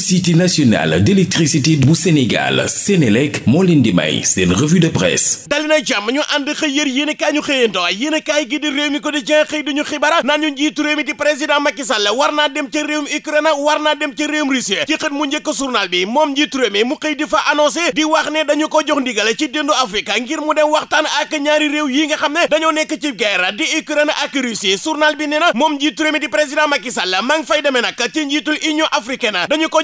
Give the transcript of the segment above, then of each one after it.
société nationale d'électricité bu Sénégal Sénélec moo leen di may seen revue de presse dali na jàmm ñu ànd i kaay ñu xëyandoo moom njiitu réew mi di président Macky Sall ma fay demee nag ci njiitul Union africaine dañu ko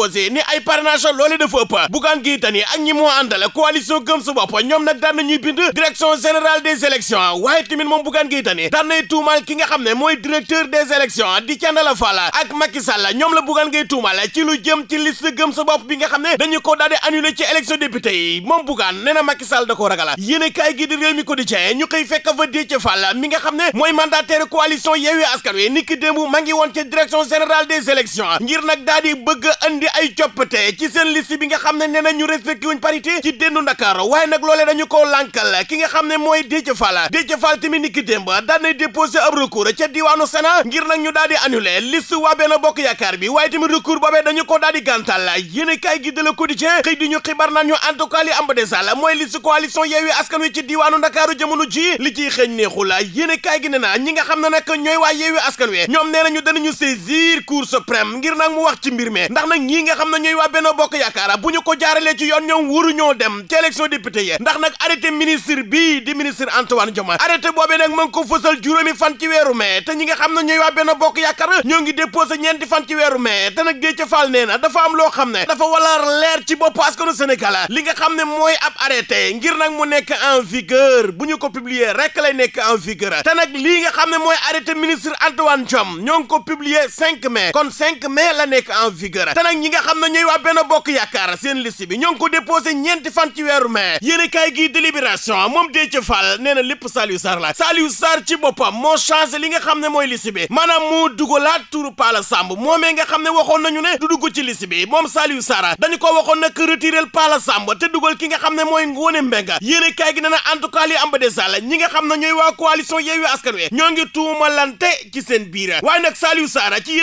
proposé ni ay parrainage loole dafa ëpp Bougane Gueye Dany ak ñi moo àndal coalition gëm sa ñoom nag daan nañuy bind direction générale des élections waaye tamit moom Bougane Gueye Dany daan nay ki nga xam ne mooy directeur des élections di Thiendella Fall ak Macky ñoom la Bougane Gueye tuumal ci jëm ci liste gëm sa bopp nga xam ne dañu ko daal di ci élection député moom Bougane nee na Macky Sall da ko ragala yéene kaay gi di réew ñu koy fekk ay coppite ci seen liste bi nga xam ne nee na ñu respecté wuñ parité ci déndu Ndakaaru waaye nag loolee dañu koo lànkal ki nga xam ne mooy Déthié Fall Déthié Fall tamit niki démb daan nay déposé ab recours ngir nag ñu daal di annulé liste waa Bokk Yaakaar bi waaye tamit recours boobee ko daal di gàntal yéen kaay gi de Le Quotidien xëy di ñu xibaar naan ñu en tout cas li am ba desal mooy liste coalition Yewwi Askan Wi gi ne na ñi nga xam ne nag ñooy waa Yewwi Askan Wi ñoom nee nañu danañu saisir Cour suprême ngir nag mu wax ci mbir mi ndax nag ñi ñii nga xam ne ñooy waa Benno Bokk Yaakaar bu ñu ko jaaralee ci yoon ñoom waruñoo dem ci élection député yi ndax nag arrêté ministre bii di ministre Antoine Diome arrêté boobee nag ma ngi ko fësal juróomi fan ci weeru mai te ñi nga xam ne ñooy waa Benno Bokk Yaakaar ñoo ngi déposé ñeenti fan ci weeru mai te nag Déthié Fall nee na dafa am loo xam ne dafa wala leer ci bopp askanu Sénégal li nga xam ne mooy ab arrêté ngir nag mu nekk en vigueur bu ñu ko publier rek lay nekk en vigueur te nag lii nga xam ne mooy arrêté ministre Antoine Diome ñoo ngi ko publier 5 mai kon 5 mai la nekk en vigueur te nag nga xam ne ñooy waa benn bokk yaakaar seen liste bi ñoo ngi ko déposé ñeenti fan ci weeru mai yéen gii délibération moom Déthié Fall nee na lépp ci boppam moo changé li nga xam ne mooy liste bi maanaam moo dugalaat turu Pala Samb moomee nga xam ne waxoon nañu ne ci liste moom Saliou Sarr dañu ko waxoon nag retiré Pala Samb te dugal ki nga xam ne mooy Ngone Mbengue yéen kaay gi nee na en tout am ñi nga xam ne ñooy waa coalition Yewwi Askan Wi ñoo ngi tuumalante ci seen biir waaye nag Saliou Sarr ci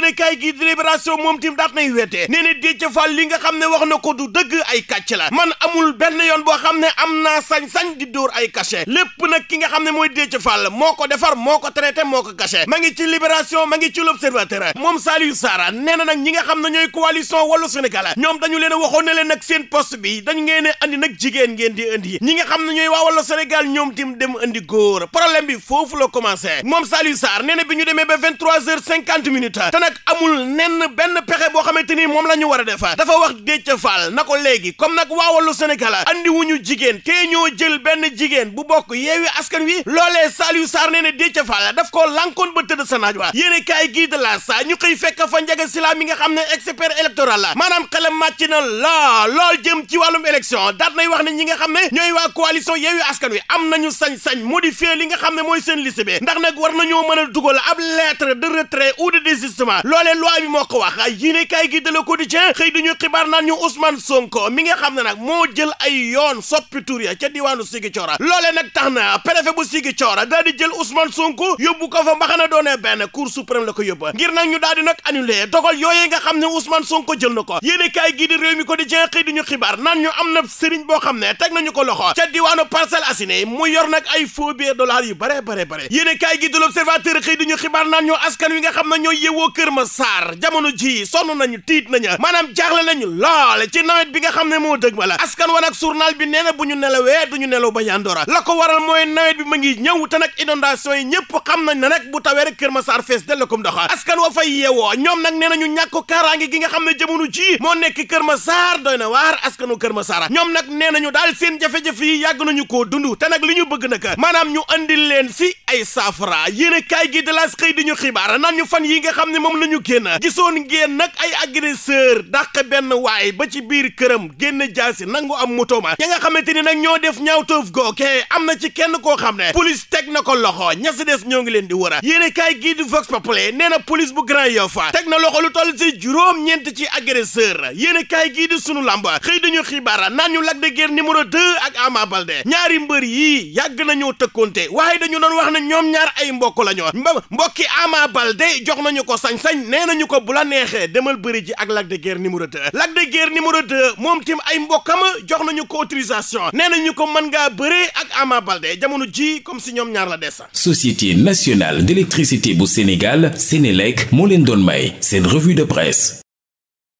Déthié Fall li nga xam ne wax na ko du dëgg ay kàcc la man amul benn yoon boo xam ne am naa sañ-sañ di dóor ay cachet lépp nag ki nga xam ne mooy Déthié Fall moo ko defar moo ko traité moo ko caché ma ngi ci Libération ma ngi ci L'Observateur moom Saliou Sarr nee na nag ñi nga xam ne ñooy coalition Wallu Sénégal ñoom dañu leen a waxoon ne leen nag seen poste bi dañu ngeen a andi nag jigéen ngeen di andi ñi nga xam ne ñooy waa Wallu Sénégal ñoom tim dem andi góor problème bi foofu la commencé moom Saliou Sarr nee na bi ñu demee ba vingt-trois heures cinquante minutes te nag amul nenn benn pexe boo xamante ni moom lañu ñu war a defaat dafa wax Déthié Fall na ko léegi comme nag waa Wallu Sénégal andi wuñu jigéen te ñoo jël benn jigéen bu bokk yeewi askan wi loolee Saliou Sarr nee na Déthié Fall daf koo lankoon ba tëdd sa naaj waa yéene kaay gii de la sa ñu xëy fekk fa njaga sila mi nga xam ne expert électoral la maanaam xelam màcc na la lool jëm ci wàllum élection daat nay wax ne ñi nga xam ne ñooy waa coalition yeewi askan wi am nañu sañ-sañ modifier li nga xam ne mooy seen liste bi ndax nag war nañoo mën a dugal ab lettre de retrait ou de désistement loolee loi bi moo ko wax yéene kaay gii de la quotidien quotidien xëy di ñu xibaar naan ñu Ousmane Sonko mi nga xam ne nag moo jël ay yoon soppi tur ya ca diwaanu Ziguinchor loolee nag tax na préfet bu Ziguinchor daal di jël Ousmane Sonko yóbbu ko fa mbaxana doonee benn cour suprême la ko yóbba ngir nag ñu daal di nag annulé dogal yooyee nga xam ne Ousmane Sonko jël na ko yéen gii di réew mi quotidien xëy di ñu xibaar naan ñu am na sëriñ boo xam ne teg nañu ko loxo ca diwaanu Parcelles Assainies mu yor nag ay faux billets dollars yu bare bare bare yéen i kaay di l'Observateur xëy ñu xibaar naan askan wi nga xam na ñoo yewoo Kër ma Massar jamono ji sonn nañu tiit nañu maanaam jaaxle nañu lool ci nawet bi nga xam ne moo dëg ma la askan wa nag journal bi nee na bu ñu nelawee du ñu nelaw ba yandoora la ko waral mooy nawet bi ma ngi ñëw te nag inondation yi ñëpp xam nañ ne nag bu tawee rek Kër Masaar fees dell ko ndox askan wa fay yeewoo ñoom nag nee nañu ñàkk kaaraange gi nga xam ne jamono ji moo nekk Kër Masaar doy na waar askanu Kër ma saara ñoom nag nee nañu daal seen jafe-jafe yi yàgg nañu koo dund te nag li ñu bëgg nag maanaam ñu andil leen si ay saafara yéene kaay gi de la xëy di ñu xibaar naan ñu fan yi nga xam ne moom la ñu génn gisoon ngeen nag ay agresseur heure dàq benn waay ba ci biir këram génn jaasi nangu am moto ma ña nga xamante ni nag ñoo def ñaawteef googee am na ci kenn koo xam ne police teg na ko loxo ña si des ñoo ngi leen di wër yéene kaay gii di Vox Populi nee na police bu Grand Yoff teg na loxo lu toll si juróom-ñeent ci agresseur yéene kaay gii di sunu lamba xëy dañu xibaara naan ñu Lac de Guiers numéro 2 ak Ama Baldé ñaari mbër yii yàgg nañoo tëkkonte waaye dañu doon wax ne ñoom ñaar ay mbokk la ñoo mbokki Ama Baldé jox nañu ko sañ-sañ nee nañu ko bu la neexee demal bëri ji ak Lac de guerre numéro 2 Lac de guerre numéro moom tim ay mbokkam jox nañu ko autorisation nee nañu ko mën ngaa bëree ak Ama Baldé jamono ji comme si ñoom ñaar la des. Société nationale d'électricité bu Sénégal Sénélec moo leen doon may seen revue de presse.